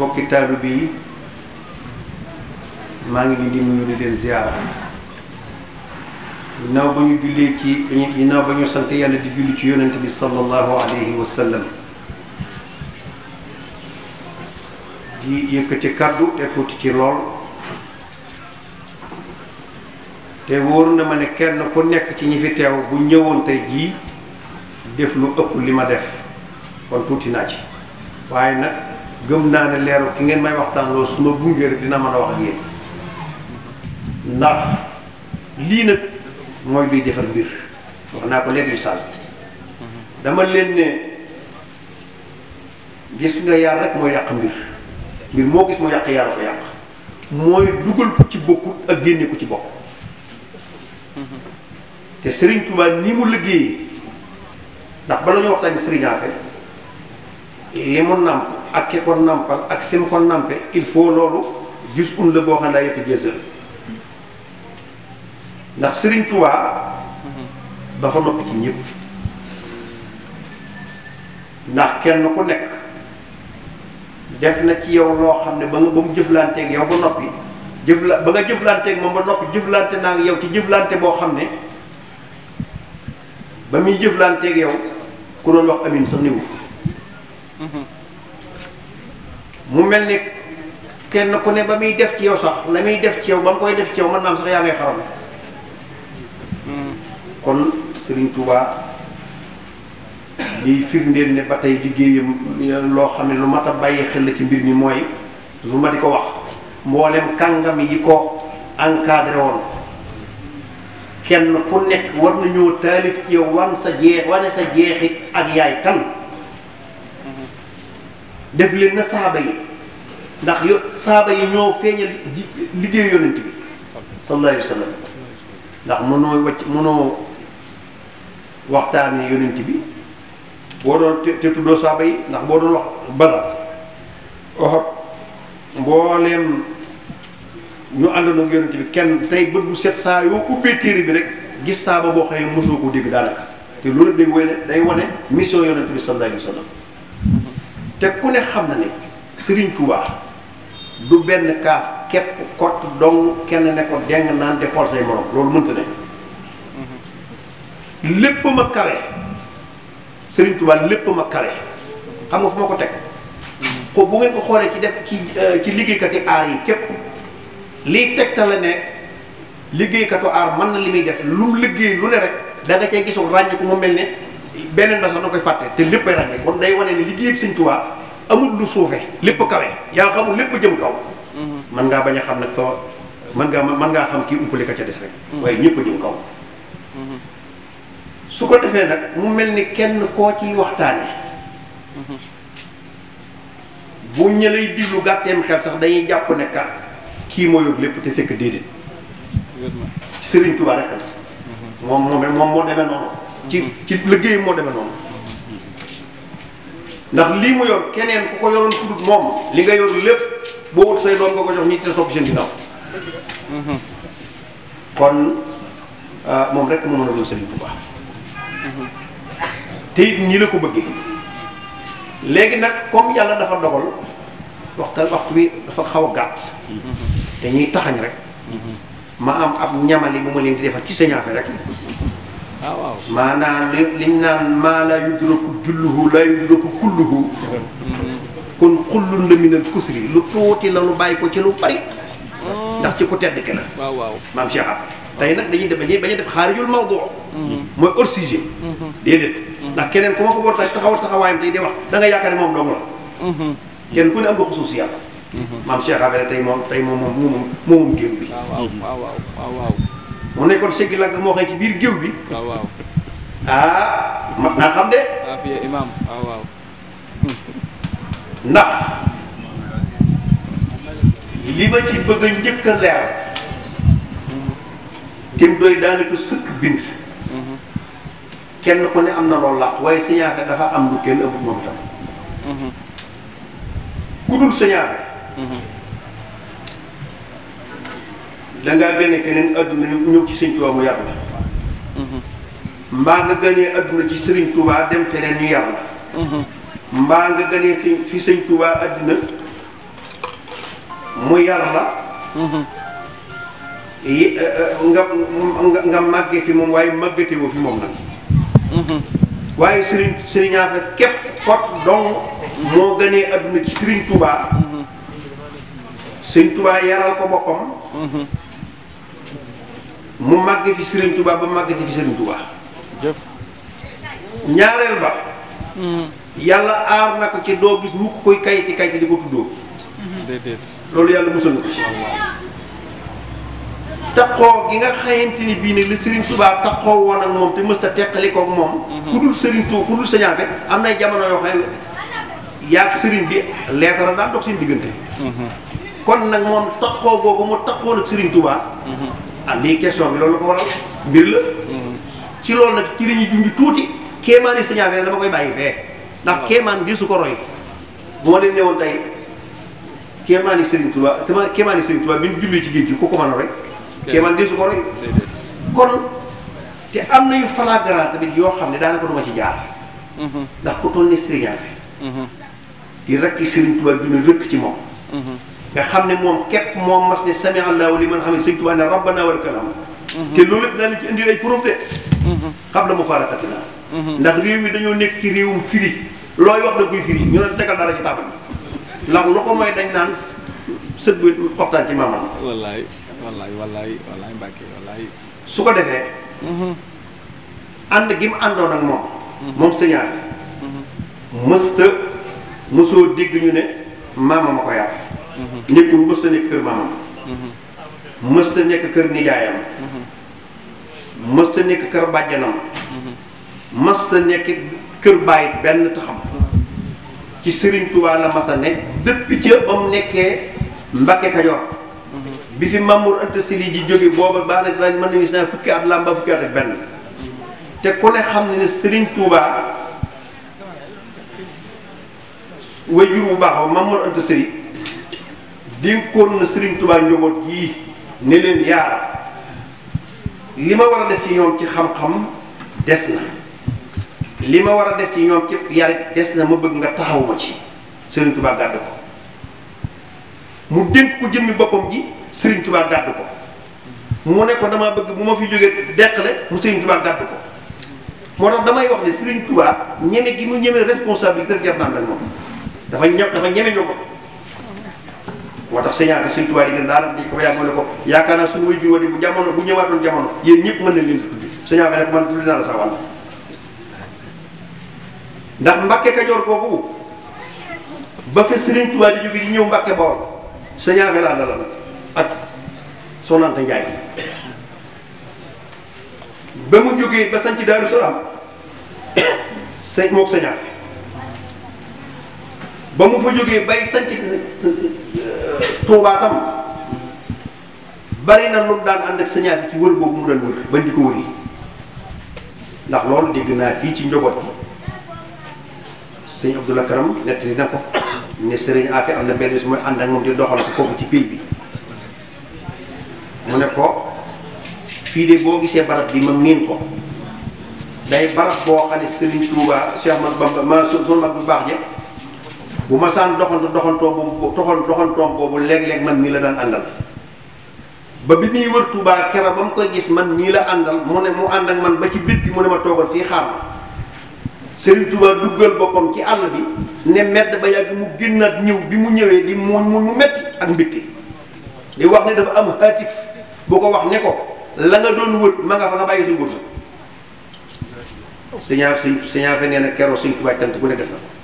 mbokki taalibe yi maa ngi leen di nuyu di leen ziyaara ginnaaw ba ñu jullee ci ginnaaw ba ñu sant yàlla di julli ci yoonant bi sallallahu alayhi wa sallam di ci kàddu te tuuti ci lool te wóor na ma ne kenn ku nekk ci ñi fi teew bu ñëwoon tey jii def lu ëpp li ma def kon tuuti naa ci waaye nag gëm naa ne leeru ki ngeen may waxtaan loolu su ma gunge rek dina mën a wax ak yéen ndax lii nag mooy luy defar mbir wax naa ko léegi sàll dama leen ne gis nga yar rek mooy yàq mbir mbir moo gis moo yàq yar ko yàq mooy dugal ko ci bokkut ak génne ko ci bokk te sëriñ Touba ni mu liggéeyee ndax bala ñu waxtaan ni Serigne Afe ak ki ko nampal ak fi mu ko nampe il faut loolu gis un la boo xam laa yëtu géser ndax Sëriñ Tuubaa dafa noppi ci ñëpp ndax kenn ku nekk def na ci yow loo xam ne ba nga ba mu jëflanteeg yow ba noppi jëflanteeg moom ba noppi jëflante naa yow ci jëflante boo xam ne ba muy jëflanteeg yow ku doon wax amin sax niwu mu mel ni kenn ku ne ba muy def ci yow sax la muy def ci yow ba mu koy def ci yow man maam sax yaa ngay xaram kon Serigne tubaa liy firndeel ne ba tey liggéeyam loo xam ne lu mat a bàyyi xel ci mbir mi mooy su ma di ko wax mboolem kàngam yi ko encadré woon kenn ku nekk war nañoo taalif ci yow wan sa jeex wane sa jeexit ak yaay kan. def leen na saaba yi ndax yo saaba yi ñoo feeñal ji liggéey yonent bi sallallahu alayhi wa sallam ndax mënoo wacc mënoo waxtaane yonent bi boo doon te tuddoo saaba yi ndax boo doon wax badal oxot mbooleem ñu àndoon ak yonent bi kenn tey bët bu set saa yoo ubbee téere bi rek gis saaba boo xëyee mosoo ko dégg daanaka te loolu day wane day wane mission yonent bi sallallahu alayhi te ku ne xam na ne sëriñ Touba du benn kaas képp kott dong kenn ne ko deng naan di xool say morom loolu mënta ne lépp ma kawe Serigne tubaa lépp ma kawe xam nga fu ma ko teg ko bu ngeen ko xoolee ci def ci euh, ci liggéeykati aar yi képp liy tegtale ne liggéeykatu aar mën na li muy def lu liggéey lu ne rek da nga cay gisul ràññeeku mu mel ne. beneen ba sax da koy fàtte te léppay ràññee kon day wane ne liggéeyub Sëñ Tuubaa amut lu suufe lépp kawe yaa xamul lépp jëm kaw mën mhm. ngaa bañ a xam nag fa mën ngaa mën ngaa xam kii uppale ka ca des rek mhm. waaye ñëpp jëm kaw mhm. su ko defee nag mu mel ni kenn koo ci waxtaane bu ñu lay diglu gàtteem xel sax day jàpp ne kat kii moo yor lépp te fekk déedéet Sëriñ Tuubaa rek moom moom moom moo demee noonu ci ci liggéeyam moo demee noonu ndax lii mu yor keneen ku ko yoroon kudut moom li nga yor lépp boo wut say doom nga ko jox ñi te topp seen ginnaaw kon ah, moom rek mu mën a doon Sëriñ Tuubaa te it la ko bëggee léegi nag comme yàlla dafa dogal waxtaan bi dafa xaw a gàtt te ñuy taxañ rek ma am ab ñamali bu ma leen di defal ci sëñaafe rek Ah, waaw maanaam li liñ naan maa la yudraku julluhu la yudraku kulluhu kon xullun la minal kusri lu tuuti la lu bàyyi ko ci lu bari ndax ci ku tedd ki waaw waaw maam Cheikh Afra tey nag dañuy def bañuy bañuy def xaarijul mawdu mooy hors sujet déedéet ndax keneen ku ma ko boor tax taxaw taxawaayam tey di wax da nga yaakaar ne moom dong la kenn ku ne am nga xusuus yàlla maam Cheikh Afra tey moom tey moom moom moom moom géew bi mu nekkoon Cheikh Lagga moo xëy ci biir géew bi. waaw waaw. ah naa xam de. li ma ci bëgg njëkk leer tim doy daanaka sëkk bind mhm. kenn ku ne am na lool la waaye Sëñ Aka dafa am lu kenn ëpp moom tam mhm. ku dul Sëñ da ngaa gënee feneen adduna ñëw ci sëñ Tuubaa mu yar la mbaa nga gënee adduna ci sëriñ Tuubaa dem feneen ñu yar la mbaa nga gënee fi sëñ Tuubaa adduna mu yar la eh, eh, nga nga màgge fi moom waaye màggate woo fi moom nag waaye sëriñ sëriñ Afe képp xot dong moo gënee adduna ci sëriñ Tuubaa sëñ Tuubaa yaral ko boppam mu màgg fi Serigne tubaa ba màggati fi Serigne Touba. jëf ñaareel ba. Hmm. yàlla aar na ko ci doo gis mukk koy kayti kayti di ko tuddoo. loolu yàlla musal na ko ki nga xayante ni bii nag la Serigne Touba taxoo woon ak moom te mësta teqali koog moom. Hmm. ku dul Serigne Touba ku dul Sëñ Afe am nay jamono yoo xam ne yaa ak Serigne bi leetara daal dox seen diggante. Hmm. kon nag moom taxoo googu mu taxoon ak Serigne Touba. ah lii question bi loolu ko a mbir la. ci loolu nag ci li ñuy junj tuuti kéemaan yi suñu dama koy bàyyi fee. ndax kemaan di su ko roy. bu ma leen newoon tey kéemaan yi Serigne Touba kéemaan yi Serigne bi ci géej gi ku ko mën a roy. kéemaan di su ko te am nañu flagrant tamit yoo xam ne daanaka du ma ci jaar. Mm-hmm. ndax ku toll ni Serigne mm-hmm. di rek Serigne Touba bi rëkk ci moom. Mm-hmm. nga xam ne moom képp moom mas ne sami allahu liman xam ne sëñ Tuubaa ne rabbana wa lakal hamd mhm. te loolu lépp daan ci indi ay preuve xam mhm. la mu faarakatina mhm. ndax réew mi dañoo nekk ci réewum firi looy wax da koy firi ñu ne tegal dara ci taabal ndax lu ko mooy dañ naan sët bi waxtaan ci maamam su ko defee ànd gi mu àndoon ak moom moom sëñaar mësta mësoo dégg ñu ne maamam a ko yàq Mm-hmm. nekkul mës ta nekk kër maamam mm-hmm. mës ta nekk kër nijaayam mm-hmm. mës ta nekk kër bàjjanam mës ta nekk kër bàyyi benn taxam ci Serigne Touba la mas a ne depuis ca ba mu nekkee Mbakke Kajoor bi fi Mamour Anta ji jóge booba baax nag daañ mën nañu seen fukki at làmba fukki at ak benn te ku ne xam ne ne Serigne Touba wajur bu baax ba Mamour dénkoon na Serigne Touba njaboot gii ne leen yaara li ma war a def ci ñoom ci xam-xam des na li ma war a def ci ñoom ci yar des na ma bëgg nga taxaw ma ci sëriñ Touba gàdd ko mu dénk ko jëmmi boppam ji Serigne Touba gàdd ko mu ne ko damaa bëgg bu ma fi jógee deqale mu Serigne Touba gàdd ko moo tax damay wax ne Serigne Touba ñeme gi mu ñeme responsabilité jar naa ak moom dafa ña dafa ñeme ñoo ko. moo tax sëñaa fi suñ tubaab yi gën daanam di ko yàgg ma ko yaakaar naa suñu wajur woon bu jamono bu ñëwaatoon jamono yéen ñëpp mën na leen di tuddi sëñaa fi ne man tuddi naa la sa wàll ndax Mbàkke Kajoor boobu ba fa Sëriñ Tuubaa di jóge di ñëw Mbàkke Bawol sëñaa fi laa dalal ak Soxna Anta Njaay ba mu jógee ba sanc Daaru Salaam sëñ mook sëñaa fi ba mu fa jógee bay sanc Touba bari na lu daal ànd ak sa ñaari ci wër boobu mu daan wër bañ di ko wëri ndax loolu dégg naa fii ci njaboot bi sëñ Karam nettali na ko ne sëriñ Afi am na benn bis mooy ànd ak moom di doxal ko foofu ci pays bi mu ne ko fii de boo gisee barab bi ma miin ko day barab boo xam ne sëriñ Touba Cheikh Ahmadou Bamba ma sunu mag bu baax ja bu ma saan doxantu doxantoo boobu toxal doxantoom boobu léeg-léeg man mii la daan àndal ba bi muy wër Tuubaa kero ba mu koy gis man mii la àndal mu ne mu ànd ak man ba ci bit bi mu ne ma toogal fii xaar ma Sëriñ Tuubaa duggal boppam ci àll bi ne medd ba yàgg mu génnaat ñëw bi mu ñëwee di muñ mu metti ak mbitti di wax ne dafa am haatif bu ko wax ne ko la nga doon wër ma nga fa nga bàyyi sa nguur sëñaa sëñaa fe nee na keroo Sëriñ Tuubaa tant bu ne def na